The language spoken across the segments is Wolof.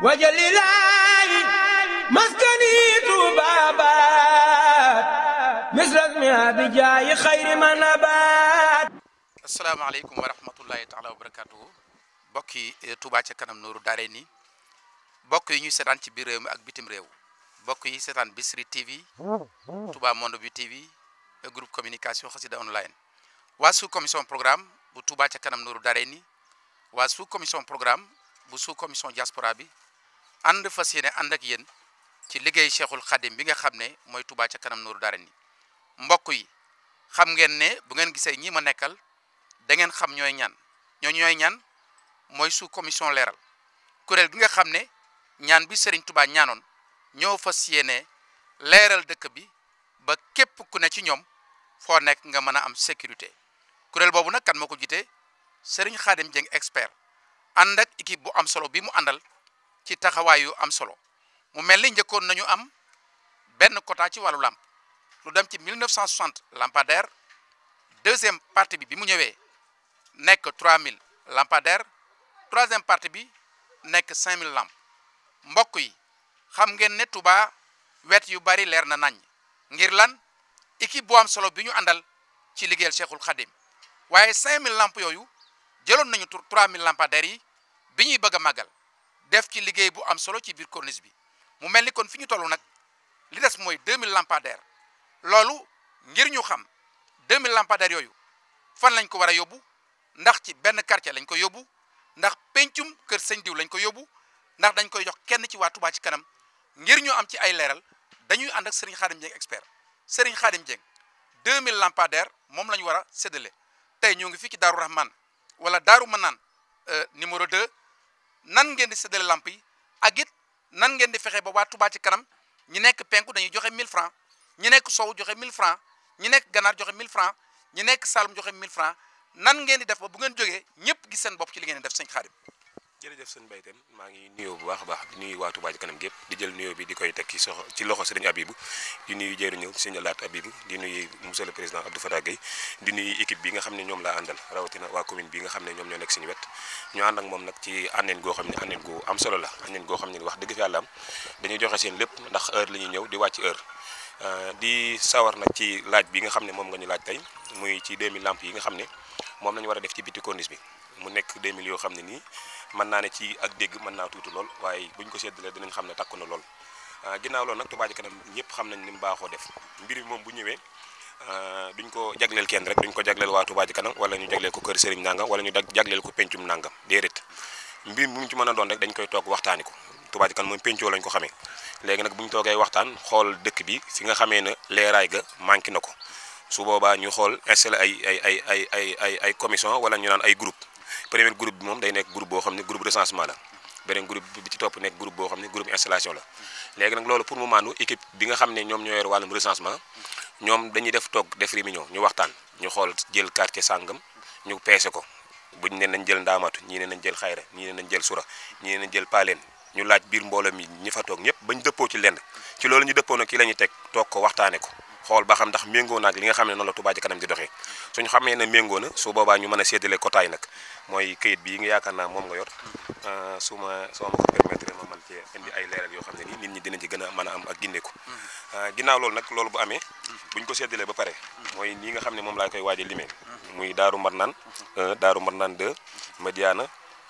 wajalilaayi maskani tuubaabaat misrasmi abijaayi xayri ma nabaat asalaamaaleykum wa rahmatullahi taala wa barakaatu mbokk yi eh, Touba ca kanam nooru daare ni mbokk yi ñuy seetaan ci biir ak bitim réew mbokk yi seetaan Bichri TV Touba Monde bi TV eh, groupe communication xasida online waa sous commission programme bu Touba ca kanam nooru daare ni waa su commission programme bu su commission diaspora bi ànd fas yéene ànd ak yéen ci liggéey cheikhul xadim bi nga xam ne mooy tubaa ca kanam nooru dara ni mbokk yi xam ngeen ne bu ngeen gisee ñi ma nekkal da ngeen xam ñooy ñan ñooñu ñooy mooy sous commission leeral kuréel gi nga xam ne ñaan bi Serigne Touba ñaanoon ñoo fas yéene leeral dëkk bi ba képp ku ne ci ñoom foo nekk nga mën a am sécurité kuréel boobu nag kan moo ko jiite Serigne Khadim Dieng expert ànd ak équipe bu am solo bi mu àndal ci taxawaayu am solo mu mel ni njëkkoon nañu am benn quota ci wàllu làmp lu dem ci 1960 lampadaire deuxième partie bi bi mu ñëwee nekk 3000 lampadaire troisième partie bi nekk 5000 lamp mbokk yi xam ngeen ne Touba wet yu bari leer na nañ ngir lan équipe bu am solo bi ñu àndal ci liggéeyal Cheikhul Khadim waaye 5000 lamp yooyu jëloon nañu 3000 lampadaires yi bi ñuy bëgg a magal def ci liggéey bu am solo ci biir corniche bi mu mel ni kon fi ñu toll nag li des mooy 2000 lampadaires loolu ngir ñu xam 2000 lampadaires yooyu fan lañ ko war a yóbbu ndax ci benn quartier lañ ko yóbbu ndax pencum kër sëñ diw lañ ko yóbbu ndax dañ koy jox kenn ci waa Touba ci kanam ngir ñu am ci ay leeral dañuy ànd ak Serigne Khadim Dieng expert Serigne Khadim Dieng 2000 moom la ñu war a séddale tey ñoo ngi fii ci Daaru Rahman wala Daaru Manaan euh, numéro 2. nan ngeen di séddale lamp yi ak it nan ngeen di fexe ba waa Touba ci kanam ñi nekk penku dañuy joxe mille francs ñi nekk sow joxe mille francs ñi nekk ganaar joxe mille francs ñi nekk Saalum joxe 1000 francs nan ngeen di def ba bu ngeen jógee ñëpp gis seen bopp ci li ngeen def sëñ Xaadim jërëjëf sëñ Mbaye Tène maa ngi nuyoo bu baax baax di nuyu waa Touba Kanam gépp di jël nuyoo bi di koy teg ci soxo ci loxo sëriñ Abibu di nuyu jëru ñëw sëriñ Alaat Abibu di nuyu monsieur le président Abdou Fatah Gueye di nuyu équipe bi nga xam ne ñoom laa àndal rawatina waa commune bi nga xam ne ñoom ñoo nekk suñu wet ñu ànd ak moom nag ci àndeen goo xam ne àndeen gu am solo la àndeen goo xam ne wax dëgg fi yàlla am joxe seen lépp ndax heure la ñuy ñëw di wàcc heure euh, di sawar nag ci laaj bi nga xam ne moom nga ñu laaj tey muy ci 2000 lampes yi nga xam ne moom lañu war a def ci biti corniche mu nekk 2000 yoo xam ne nii mën naa ne ci ak dégg mën naa tuuti lool waaye bu ñu ko seddalee dinañ xam ne takku na lool ah, ginnaaw loolu nag Touba Ca Kanam ñëpp xam nañ ni mu baaxoo def mbir mi moom bu ñëwee ah, duñ ko jagleel kenn rek duñ ko jagleel waa Touba Kanam wala ñu jagleel ko kër Serigne nangam wala ñu jagleel ko pencum nangam déedéet mbir mu mu ci mën a doon rek dañ koy toog waxtaani ko Touba Ca Kanam moom pencoo lañ ko xamee léegi nag bu ñu toog toogee waxtaan xool dëkk bi si nga xamee ne leeraay ga manqué na ko su boobaa ñu xool installé ay ay ay ay ay ay commission wala ñu naan ay groupe premier groupe bi moom day nekk groupe boo xam ne groupe recensement la beneen topp nekk groupe boo xam ne groupe installation la léegi nag loolu pour moment nu équipe bi nga xam ne ñoom ñoo yor wàllum recensement ñoom dañuy def toog def réunion ñu waxtaan ñu xool jël quartier sàngam ñu peese ko buñ ne nañ jël ndaamatu ñii ne nañ jël xayra ñii ne nañ jël sura ñii ne nañ jël paaleen ñu laaj biir mbooloo mi ñi fa ñëpp bañ dëppoo ci lenn ci loolu ñu dëppoo nag ki la ñuy teg toog ko waxtaane ko xool ba xam ndax méngoo naag li nga xam ne noonu la Touba Ca Kanam di doxee suñu xamee ne méngoo na su boobaa ñu mën a séddale kotaay nag mooy kayit yi nga yaakaar naa moom nga yor euh, su ma soo ma ko permettre ma man cee indi ay leeral yoo xam ne nii nit ñi dinañ ci gën a mën a am ak gindeeku mm-hmm. euh, ginnaaw loolu nag loolu bu amee mm-hmm. buñ ko seddalee ba pare mm-hmm. mooy nii nga xam ne moom laa koy waaje limee muy daaru marnaan 1 daaru marnaan 2 madiana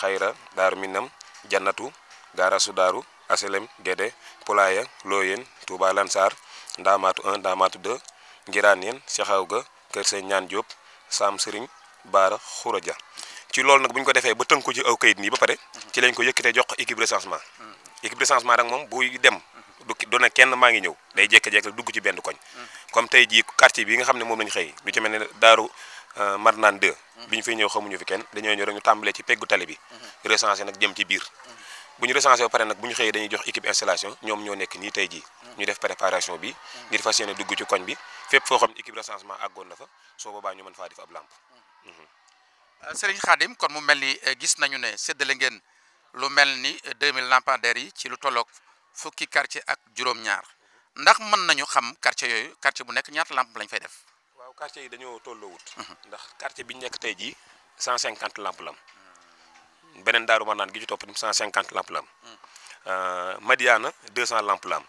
xayra daaru minam jannatu gaarasu daaru aselem guéde pulaaya looyeen touba lansar ndaamaatu 1 ndaamaatu 2 ngiraan yeen sexaw ga kër sëñ ñaan jóob saam sëriñ baara xuraja ci loolu nag bu ñu ko defee ba tënku ci aw kayit nii ba pare ci lañ ko yëkkatee jox ko équipe recensement mm-hmm. équipe recensement nag moom buy dem mm-hmm. du du ne kenn maa ngi ñëw day jékki-jékki dugg ci benn koñ mm-hmm. comme tey jii quartier bi nga xam ne moom lañ xëy lu ci mel ne daaru euh, Marnaan 2 bi ñu fay ñëw xamuñu fi kenn dañoo ñëw ñu tàmbalee ci peggu tali bi recensé nag jëm ci biir bu ñu recensé ba pare bu ñu xëyee dañuy jox équipe installation ñoom ñoo nekk nii tey jii ñu def préparation bi ngir fas yéene dugg ci koñ bi fépp foo xam ne équipe recensement àggoon na fa soo boobaa ñu mën faa def ab lampe Serigne Khadim kon mu mel ni eh, gis nañu ne séddale ngeen lu mel ni 2000 eh, lampadaires yi ci lu tolloog fukki quartier ak juróom-ñaar ndax mën nañu xam quartier yooyu quartier bu nekk ñaata lamp lañ fay def. waaw quartier yi dañoo tolloowut. Mhm. ndax quartier bi ñu nekk tey jii 150 lamp la am beneen daaru ma naan gi ci topp 150 lamp la am mhm. euh, Madiana 200 lamp la am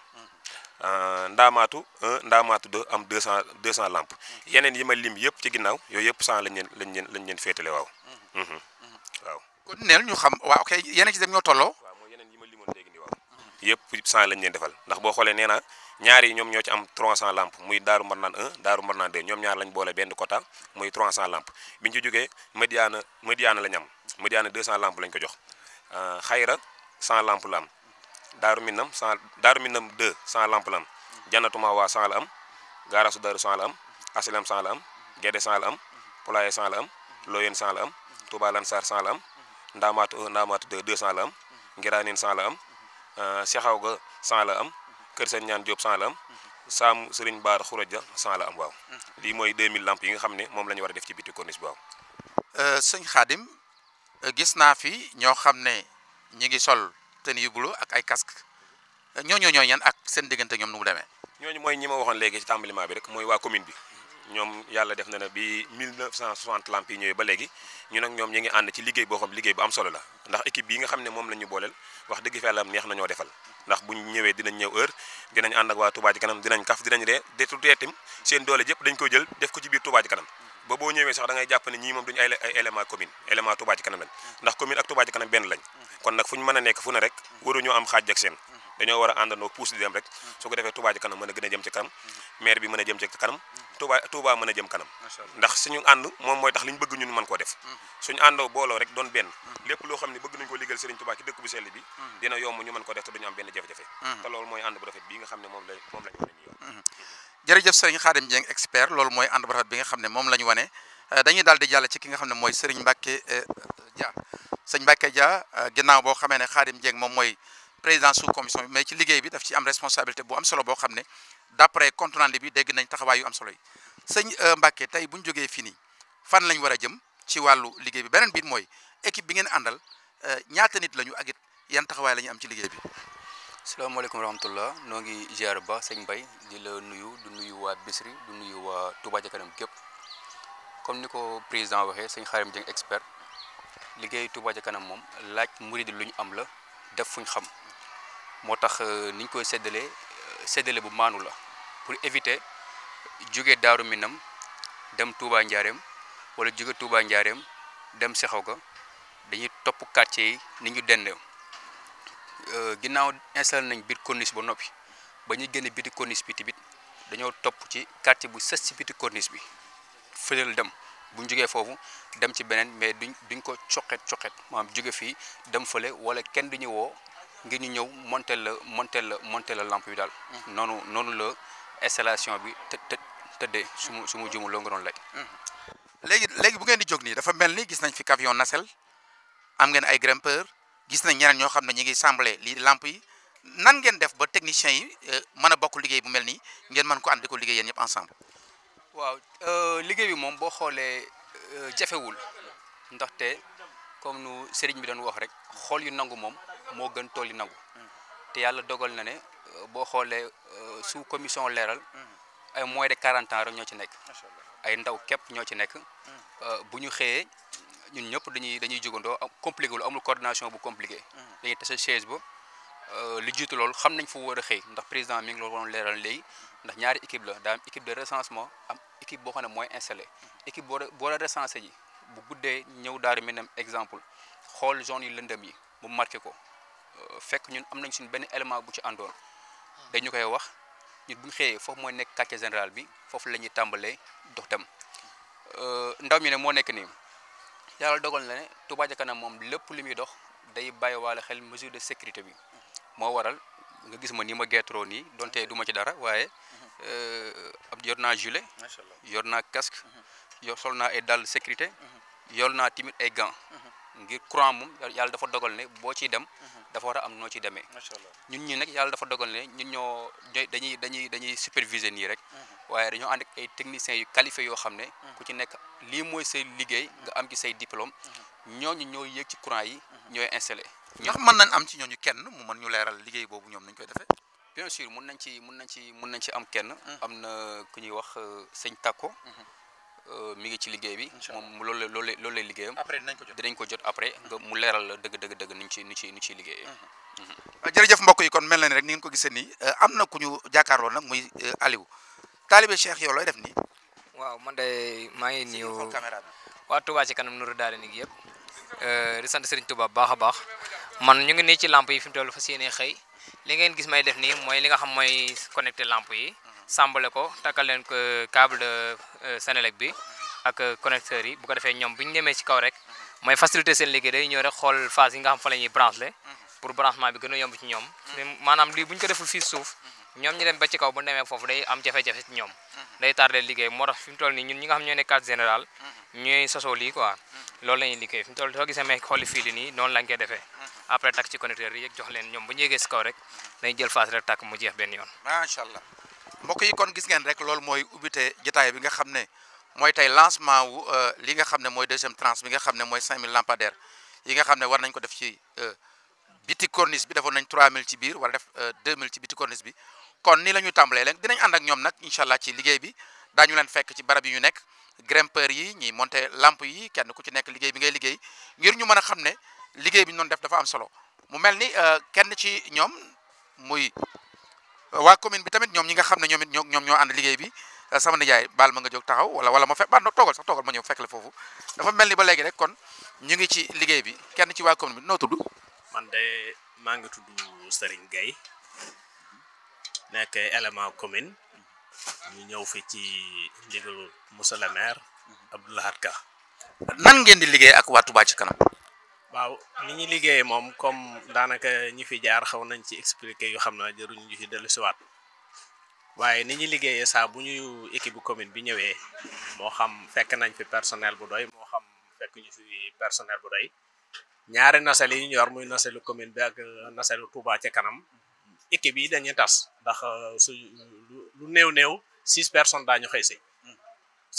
Euh, ndaamaatu un ndaamaatu de am deux cent deux cent lampes yeneen yi ma lim yëpp ci ginnaaw yooyu yëpp cent lañ leen lañ leen lañ leen féetale waaw. Mm-hmm. Mm-hmm. Mm-hmm. waaw kon neel ñu xam waaw ok dem ñoo tolloo. waaw mooy yeneen yi ma limoon léegi nii waaw. yëpp cent lañ leen defal ndax boo xoolee nee naa ñaar yi ñoom ñoo ci am 300 lamp muy Daaru Marnaan 1 Daaru Marnaan 2 ñoom ñaar lañ boolee benn quota muy 300 lampes bi ñu ci jógee Madiana médiana lañ am Madiana 200 lampes lañ ko jox euh, xayra 100 lampes la am. daaru minam sans daaru minam 2 sans lamp la am jannatuma waa san la am gaarasu daaru sans la am asilam sans la am gede sans la am pulaye sans la am looyeen sans la am touba lansar sans la am ndaamaatu ndaamaatu 2 la am ngiraanin sans la am sexaw ga sans la am kër seen ñaan jóob san la am saam sëriñ baar xuraja san la am waaw lii mooy 2000 lamp yi nga xam ne moom la ñu war a def ci biti corniche bi waaw sëñ xaadim gis naa fi ñoo xam ne ñi ngi sol tenue yu bleu ak ay casque ñooñu ñooy ñan ak seen diggante ñoom nu mu demee. ñooñu mooy ñi ma waxoon léegi ci tàmbaliment bi rek mooy waa commune bi ñoom yàlla def na ne bi cent lamp yi ñëwee ba léegi ñu nag ñoom ñi ngi ànd ci liggéey boo xam liggéey bu am solo la ndax équipe bi nga xam ne moom la ñu booleel wax dëgg fa yàlla neex na defal ndax buñ ñëwee dinañ ñëw heure dinañ ànd waa Touba ci kanam dinañ kaf dinañ ree deetu tout itam doole jëpp dañ koy jël def ko ci biir Touba ba boo ñëwee sax da ngay jàpp ne ñii moom duñu ay ay élément commune élément Touba ci kanam lañ ndax commune ak Touba ci kanam benn lañ kon nag fu ñu mën war a àndandoo puus di dem rek ko a gën a jëm ci kanam kanam Touba Touba mën a jëm kanam ndax suñu moom mooy tax ñu bëgg ñun mën koo def suñu àndoo booloo rek doon benn lépp loo xam ne bëgg nañu ko liggéeyal Serigne Touba ci dëkk bu sell bi dina yomb ñu mën ko def te duñu am benn jafe-jafe mm-hmm. te loolu mooy ànd bu rafet bii nga xam ne moom la moom lañ jërëjëf sëriñ Khadim Dieng expert loolu mooy ànd bu bi nga xam ne moom la wane euh, dañuy daal di jàll ci ki nga xam ne mooy sëriñ Mbacke euh, Dia sëriñ Mbacke Dia euh, gannaaw boo xamee ne Khadim Dieng moom mooy président sous commission mais ci liggéey bi daf ci am responsabilité bu am solo boo xam ne d'après compte bi dégg nañ taxawaay yu am solo yi sëñ Mbacke tey bu ñu jógee fii nii fan lañ war a jëm ci wàllu liggéey bi beneen biit mooy équipe bi ngeen àndal ñaata nit lañu ak it yan taxawaay la am ci liggéey bi. salaamaaleykum wa rahmatullah noo ngi ziar ba sañ mbay di la nuyu du nuyu waa Bichri du nuyu waa Touba ca kanam gépp comme ni ko président waxee sëñ Xaarim Jeng expert liggéey Touba ca kanam moom laaj murid lu ñu am la def fuñ xam moo tax euh, niñ koy séddalee euh, séddale bu maanu la pour éviter jóge Daaru Minam dem Touba Njaareem wala jóge Touba Njaareem dem Sexaw ga dañuy topp quartier yi ni ñu dendee Euh, ginnaaw installé nañ biir corniche ba noppi ba ñuy génne biti corniche bi tamit dañoo topp ci quartier bu sës ci biti corniche bi fëleel dem bu ñu jógee foofu dem ci beneen mais duñ duñ ko coqet coqet maanaam jóge fii dem fële wala kenn duñu woo ngir ñu ñëw monter la monter la monter la lampe bi daal. Mm-hmm. noonu la installation bi të të tëddee su mu su mu jëmu loo nga doon laaj. Mm-hmm. léegi léegi bu ngeen di jóg nii dafa mel ni gis nañ fi camion nacelle am ngeen ay grimpeur. gis na ñeneen ñoo xam na ñu ngi semblé lii lamp yi nan ngeen def ba techniciens yi euh, mën a bokk liggéey bu mel ni ngeen man ko ànd di ko liggéey yéen ñëpp ensemble. waaw euh, liggéey bi moom boo xoolee euh, jafewul ndaxte comme nu seriñ bi doon wax rek xool yu nangu moom moo gën tool yu nangu mm. te yàlla dogal na ne boo xoolee su commission leeral mm. ay moins de 40 ans rek ñoo ci nekk. ay ndaw képp ñoo ci nekk mm. bu ñu xëyee. ñun ñëpp dañuy dañuy jugandoo compliqué wul amul coordination bu compliqué. Mm. dañuy tase euh, li jiitu loolu xam nañ fu war a xëy ndax président mi ngi loolu woon leeral léegi ndax ñaari équipe la daa am équipe de recensement am équipe boo xam ne mooy installé mm. équipe boo boo la bu guddee ñëw daaru mi nam exemple xool zone yi lëndëm yi mu marqué ko euh, fekk ñun am nañ suñ benn élément bu ci àndoon mm. dañu koy wax ñun bu xëyee foofu mooy nekk quartier général bi foofu la ñuy tàmbalee dox dem euh, ndaw mi ne moo nekk nii yàlla dogal na ne Touba ca kanam moom lépp li muy dox day bàyyiwaale xel mesure de sécurité bi moo waral nga gis ma ni ma geetroo nii donte duma ci dara waaye euh, ab yor naa gilet yor naa casque mhm. yor sol naa ay dàll sécurité mhm. yor naa timit ay gants mhm. ngir courant moom yàlla dafa dogal ne boo ciy dem mhm. dafa war a am noo ciy demee ñun ñi nag yàlla dafa dogal ne ñun ñoo dañuy dañuy dañuy superviser nii rek mhm. waaye dañoo ànd ak ay techniciens yu qualifiés yoo xam ne mhm. ku ci nekk lii mooy say liggéey nga am ci say diplôme ñooñu ñooy yéeg ci courant yi ñooy installé ndax mën nañ am ci ñooñu kenn mu mën ñu leeral liggéey boobu ñoom nañ koy defee bien sûr mun nañ ci mun nañ ci mun nañ ci am kenn am na ku ñuy wax euh, sëñ Tako Euh, mi ngi ci liggéey bi. moom loolu la loolu la loolu lay liggéeyam. après dinañ ko jot dinañ ko jot après. nga mu leeral la dëgg dëgg dëgg ni ñu ciy ni ñu ciy liggéeyee. Mhm. Mhm. Euh, yi kon mel na ni rek ni ngeen ko gisee nii euh, am na ku ñu jàkkaarloo nag muy Aliou taalibe Cheikh yow looy def nii. waaw man de maa ngi nuyu waa Touba ci kanam Nourou Daara nii yëpp di sant Serigne baax a baax man ñu ngi nii ci lamp yi fi mu toll fas yéenee xëy li ngeen gis may def nii mooy li nga xam mooy connecté lamp yi sambale ko takkal leen ko euh, câble de euh, Senelec bi ak connecteurs yi bu defee ñoom bu ñu demee ci kaw rek mooy faciliter seen liggéey day ñëw rek xool phase yi nga xam fa la ñuy branché pour branchement bi gën a yomb ci ñoom ko deful fii suuf ñoom ñu dem ba ci kaw bu demee ñoom day tardé liggéey moo fi mu toll nii ñun ñi nga xam ñoo nekk cadre général ñooy sosoo lii quoi loolu la ñuy liggéey fi mu toll soo gisee may xooli fii nii noonu lañ koy defee après takk ci connecteurs yi jox leen ñoom bu ñu yeggee si kaw rek dañuy jël phase takk mu jeex benn yoon mbokk yi kon gis ngeen rek loolu mooy ubbite jotaay bi nga xam ne mooy tey lancement wu euh, li nga xam ne mooy deuxième tranche bi nga xam ne mooy 5000 lampadaires yi nga xam ne war nañ ko def ci euh, biti corniche bi defoon nañ mille ci biir war a def 2000 euh, ci biti corniche bi kon ni la ñuy tàmbalee léegi dinañ ànd ak ñoom nag incha allah ci liggéey bi daañu leen fekk ci barab yi ñu nekk grimpeur yi ñiy monter lampe yi kenn ku ci nekk liggéey bi ngay liggéey ngir ñu mën a xam ne liggéey bi ñu def dafa am solo mu mel ni kenn ci ñoom muy waa commune bi tamit ñoom ñi nga xam ne ñoom it ñoo ñoom ñoo ànd liggéey bi euh, sama nijaay baal ma nga jóg taxaw wala wala ma fekk baal na toogal sax toogal ma ñëw fekk la foofu dafa mel ni ba léegi rek kon ñu ngi ci liggéey bi kenn ci waa commune bi noo tudd. man de maa ngi tudd Serigne Gueye nekk élément commune ñu ñëw fi ci ndigalu monsieur le maire Abdou Lahad Ka. ngeen di liggéey ak waa Touba ci kanam. waaw ni ñu liggéeyee moom comme daanaka ñi fi jaar xaw nañ ci expliquer yu xam na jëruñu ñu fi ci dellusiwaat waaye ni ñu liggéeyee saa bu ñuy équipe bu commune bi ñëwee moo xam fekk nañ fi personnel bu doy moo xam fekk ñu fi personnel bu doy ñaari nasal yi ñu yor muy nasalu commune bi ak nasalu Touba ca kanam équipe yi dañuy tas ndax euh, su lu néew-néew six personnes daañu xëy si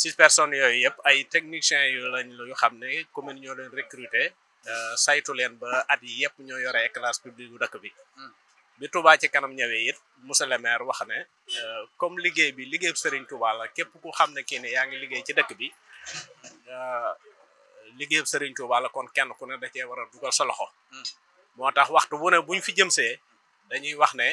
six personnes yooyu yëpp ay techniciens yu lañ yu xam ne commune ñoo leen recruter. Euh, saytu leen ba at yi yëpp ñoo yore éclairage public bu dëkk bi hmm. bi Touba ci kanam ñëwee it monsieur le maire wax ne euh, comme liggéey bi liggéey Serigne Touba la képp ku xam ne kii ne yaa ngi liggéey ci dëkk bi euh, liggéey Serigne Touba la kon kenn ku ne da cee war a dugal sa loxo hmm. moo tax waxtu bu ne buñ fi jëmsee dañuy wax ne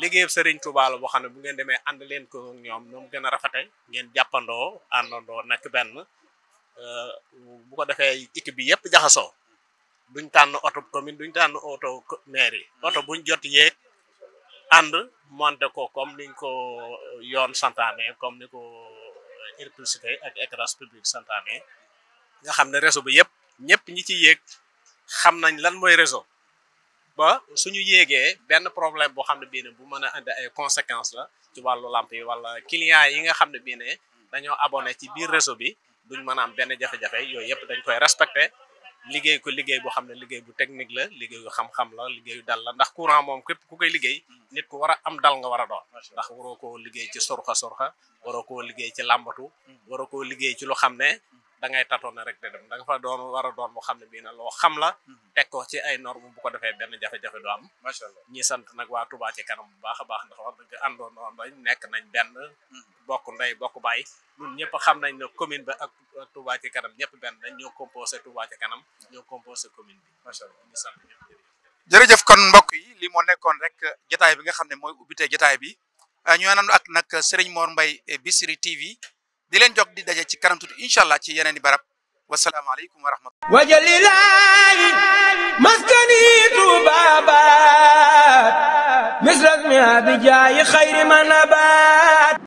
liggéey Serigne Touba la boo xam ne bu ngeen demee ànd leen ko ñoom ñoom gën a rafete ngeen jàppandoo àndandoo nekk benn bu ko defee équipe bi yëpp jaxasoo duñ tànn oto commune duñ tànn oto mairie oto buñ jot yeeg ànd monté ko comme niñ ko euh, yoon santaane comme ni ko euh, électricité ak éclairage public santaane nga xam ne réseau bi yëpp ñëpp ñi ci yéeg xam nañ lan mooy réseau ba suñu yéegee benn problème boo xam ne bii ne bu mën a andi ay conséquences la ci wàllu lamp yi wala clients yi nga xam ne bii ne dañoo abonné ci biir réseau bi duñ mën am benn jafe-jafe yooyu yëpp dañ koy respecté liggéey ko liggéey boo xam ne liggéey bu technique la liggéeyu xam-xam la liggéeyu dal la ndax courant moom képp ku koy liggéey mm. nit ku war a am dal nga war a doon ndax waroo koo liggéey ci sorxa sorxa waroo koo liggéey ci làmbatu mm. waroo koo liggéey ci lu xam ne mm. da ngay tatoon na rek de dem da fa doon war a doon boo xam ne bii na loo xam la teg ko ci ay norme bu ko defee benn jafe-jafe du am macha allah ñi sant nag waa Touba ci kanam bu baax a baax ndax wax dëgg àndoon noonu lañ nekk nañ benn bokk ndey bokk baay ñun ñëpp xam nañ ne commune ba ak Touba ci kanam ñëpp benn dañ ñoo composé Touba ci kanam ñoo composé commune bi macha ñu sant ñëpp kon mbokk yi li moo nekkoon rek jotaay bi nga xam ne mooy ubbite jotaay bi ah, ñu ak nag Serigne Mor Mbaye eh, Bichri TV di leen jog di daje ci kanam incha allah ci yeneen i barab wasalaamaaleykum wa rahmatulah. wajalilaay mi abijaayi xayri manabat